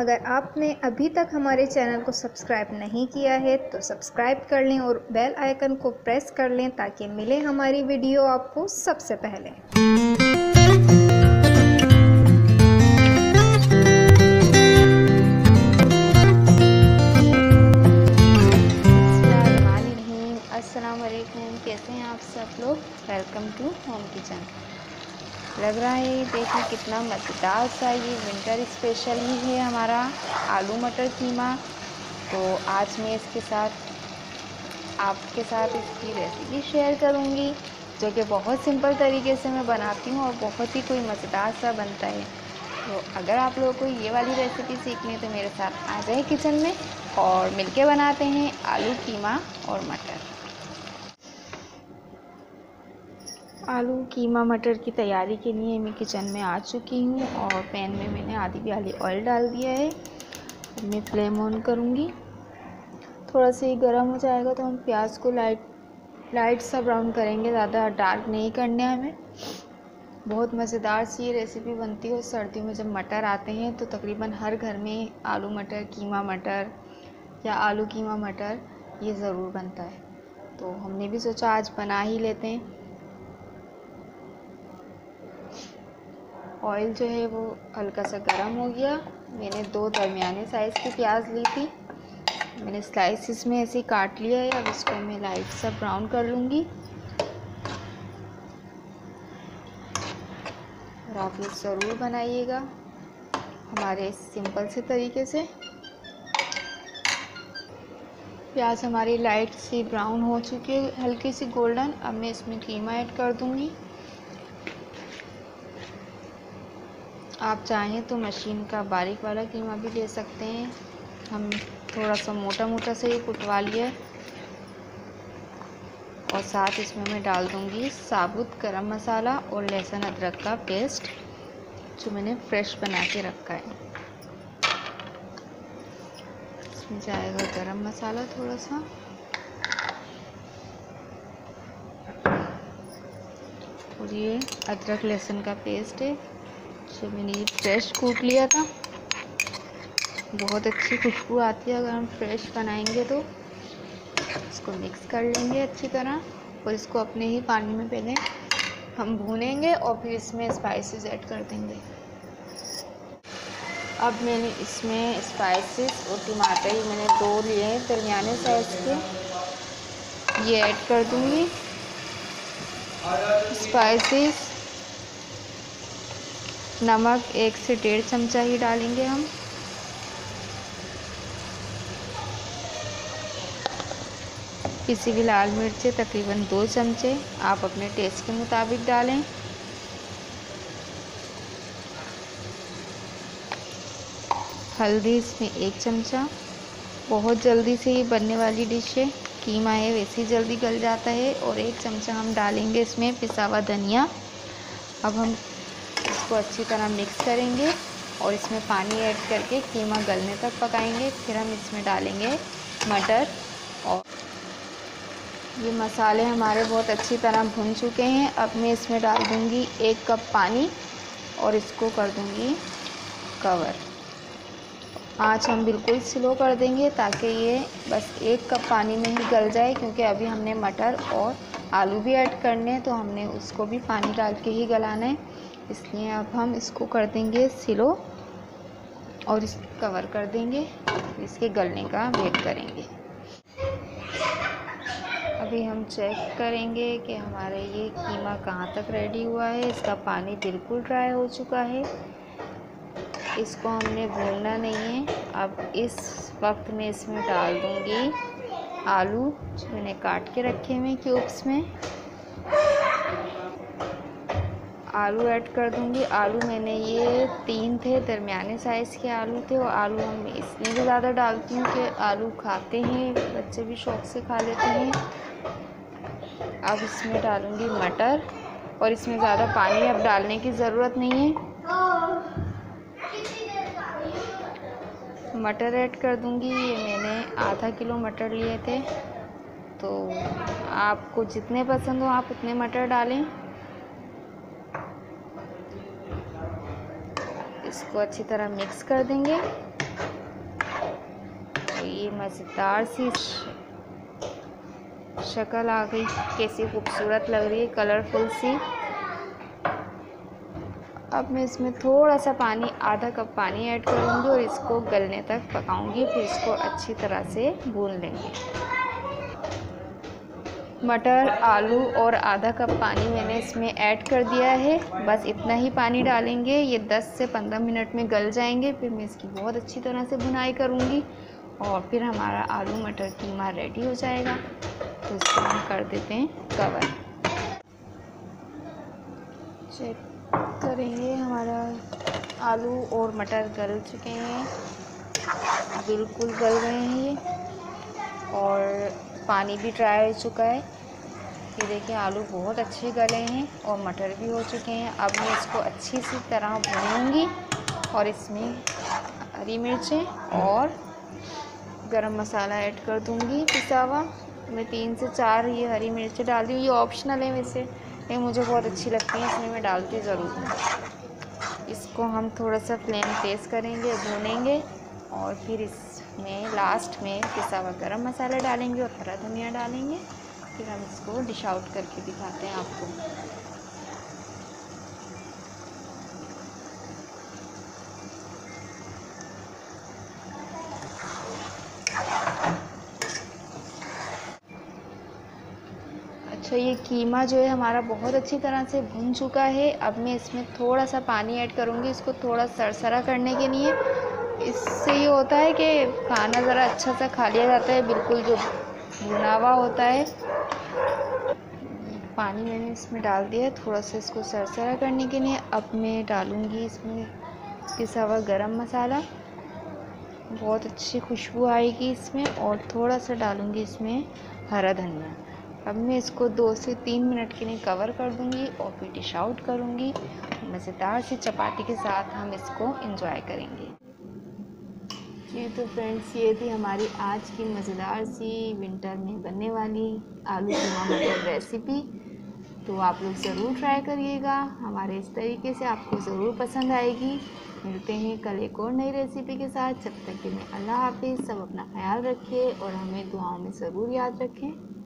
अगर आपने अभी तक हमारे चैनल को सब्सक्राइब नहीं किया है तो सब्सक्राइब कर लें और बेल आइकन को प्रेस कर लें ताकि मिले हमारी वीडियो आपको सबसे पहले इतना मज़ेदार सा ये विंटर स्पेशल ही है हमारा आलू मटर कीमा तो आज मैं इसके साथ आपके साथ इसकी रेसिपी शेयर करूँगी जो कि बहुत सिंपल तरीके से मैं बनाती हूँ और बहुत ही कोई मज़ेदार सा बनता है तो अगर आप लोगों को ये वाली रेसिपी सीखनी है तो मेरे साथ आ जाए किचन में और मिलके बनाते हैं आलू कीमा और मटर आलू कीमा मटर की तैयारी के लिए मैं किचन में आ चुकी हूँ और पैन में मैंने आधी प्याली ऑयल डाल दिया है मैं फ्लेम ऑन करूँगी थोड़ा सा ही गर्म हो जाएगा तो हम प्याज को लाइट लाइट सा ब्राउन करेंगे ज़्यादा डार्क नहीं करने हमें बहुत मज़ेदार सी ये रेसिपी बनती है सर्दियों में जब मटर आते हैं तो तकरीबन हर घर में आलू मटर कीमा मटर या आलू कीमा मटर ये ज़रूर बनता है तो हमने भी सोचा आज बना ही लेते हैं ऑयल जो है वो हल्का सा गर्म हो गया मैंने दो दरमियाने साइज़ की प्याज ली थी मैंने स्लाइसिस में ऐसे काट लिया है अब इसको मैं लाइट सा ब्राउन कर लूँगी और आप लोग ज़रूर बनाइएगा हमारे सिंपल से तरीके से प्याज हमारी लाइट सी ब्राउन हो चुकी है हल्की सी गोल्डन अब मैं इसमें कीमा ऐड कर दूँगी आप चाहें तो मशीन का बारीक वाला कीमा भी ले सकते हैं हम थोड़ा सा मोटा मोटा से ही कुटवा लिया और साथ इसमें मैं डाल दूँगी साबुत गरम मसाला और लहसुन अदरक का पेस्ट जो मैंने फ्रेश बना के रखा है इसमें जाएगा गरम मसाला थोड़ा सा और ये अदरक लहसुन का पेस्ट है से मैंने ये फ्रेश कूट लिया था बहुत अच्छी खुशबू आती है अगर हम फ्रेश बनाएंगे तो इसको मिक्स कर लेंगे अच्छी तरह और इसको अपने ही पानी में पहले हम भूनेंगे और फिर इसमें स्पाइसेस ऐड कर देंगे अब मैंने इसमें स्पाइसेस और टमाटर ही मैंने दो लिए हैं दरमियाने साइज़ के ये ऐड कर दूँगी स्पाइसेस नमक एक से डेढ़ चमचा ही डालेंगे हम किसी हुई लाल मिर्चें तकरीबन दो चमचे आप अपने टेस्ट के मुताबिक डालें हल्दी इसमें एक चमचा बहुत जल्दी से ये बनने वाली डिश है कीमा है वैसे ही जल्दी गल जाता है और एक चमचा हम डालेंगे इसमें पिसा हुआ धनिया अब हम इसको अच्छी तरह मिक्स करेंगे और इसमें पानी ऐड करके कीमा गलने तक पकाएंगे फिर हम इसमें डालेंगे मटर और ये मसाले हमारे बहुत अच्छी तरह भुन चुके हैं अब मैं इसमें डाल दूँगी एक कप पानी और इसको कर दूँगी कवर आँच हम बिल्कुल स्लो कर देंगे ताकि ये बस एक कप पानी में ही गल जाए क्योंकि अभी हमने मटर और आलू भी ऐड करने हैं तो हमने उसको भी पानी डाल के ही गलाना है इसलिए अब हम इसको कर देंगे सिलो और इस कवर कर देंगे इसके गलने का वेट करेंगे अभी हम चेक करेंगे कि हमारे ये कीमा कहाँ तक रेडी हुआ है इसका पानी बिल्कुल ड्राई हो चुका है इसको हमने भूलना नहीं है अब इस वक्त मैं इसमें डाल दूँगी आलू जो मैंने काट के रखे हुए क्यूब्स में आलू ऐड कर दूंगी आलू मैंने ये तीन थे दरमियाने साइज़ के आलू थे और आलू हम इसलिए भी ज़्यादा डालती हूँ कि आलू खाते हैं बच्चे भी शौक से खा लेते हैं अब इसमें डालूँगी मटर और इसमें ज़्यादा पानी अब डालने की ज़रूरत नहीं है मटर ऐड कर दूँगी ये मैंने आधा किलो मटर लिए थे तो आपको जितने पसंद हो आप उतने मटर डालें इसको अच्छी तरह मिक्स कर देंगे तो ये मज़ेदार सी शक्ल आ गई कैसी खूबसूरत लग रही है कलरफुल सी अब मैं इसमें थोड़ा सा पानी आधा कप पानी ऐड करूँगी और इसको गलने तक पकाऊँगी फिर इसको अच्छी तरह से भून लेंगे मटर आलू और आधा कप पानी मैंने इसमें ऐड कर दिया है बस इतना ही पानी डालेंगे ये 10 से 15 मिनट में गल जाएंगे फिर मैं इसकी बहुत अच्छी तरह से भुनाई करूँगी और फिर हमारा आलू मटर कीमा रेडी हो जाएगा तो इसको हम कर देते हैं कवर चेक करेंगे तो हमारा आलू और मटर गल चुके हैं बिल्कुल गल गए हैं ये और पानी भी ड्राई हो चुका है ये देखिए आलू बहुत अच्छे गले हैं और मटर भी हो चुके हैं अब मैं इसको अच्छी सी तरह भूनूँगी और इसमें हरी मिर्चें और गरम मसाला ऐड कर दूँगी पिसा हुआ मैं तीन से चार ये हरी मिर्चें डाल दी ये ऑप्शनल है वैसे ये मुझे बहुत अच्छी लगती है इसमें मैं डालती ज़रूर हूँ इसको हम थोड़ा सा फ्लेम तेज़ करेंगे भूनेंगे और फिर इसमें लास्ट में पिसा हुआ गर्म मसाला डालेंगे और हरा धनिया डालेंगे फिर हम इसको डिश आउट करके दिखाते हैं आपको सो तो ये कीमा जो है हमारा बहुत अच्छी तरह से भुन चुका है अब मैं इसमें थोड़ा सा पानी ऐड करूँगी इसको थोड़ा सरसरा करने के लिए इससे ये होता है कि खाना ज़रा अच्छा सा खा लिया जाता है बिल्कुल जो भुना हुआ होता है पानी मैंने इसमें डाल दिया है थोड़ा सा इसको सरसरा करने के लिए अब मैं डालूँगी इसमें पिसा हुआ गर्म मसाला बहुत अच्छी खुशबू आएगी इसमें और थोड़ा सा डालूँगी इसमें हरा धनिया अब मैं इसको दो से तीन मिनट के लिए कवर कर दूंगी और फिर डिश आउट करूँगी मज़ेदार सी चपाती के साथ हम इसको इंजॉय करेंगे जी तो फ्रेंड्स ये थी हमारी आज की मज़ेदार सी विंटर में बनने वाली आलू कीमा मटर रेसिपी तो आप लोग ज़रूर ट्राई करिएगा हमारे इस तरीके से आपको ज़रूर पसंद आएगी मिलते हैं कल एक और नई रेसिपी के साथ जब तक कि मैं अल्लाह हाफिज़ सब अपना ख्याल रखिए और हमें दुआओं में ज़रूर याद रखें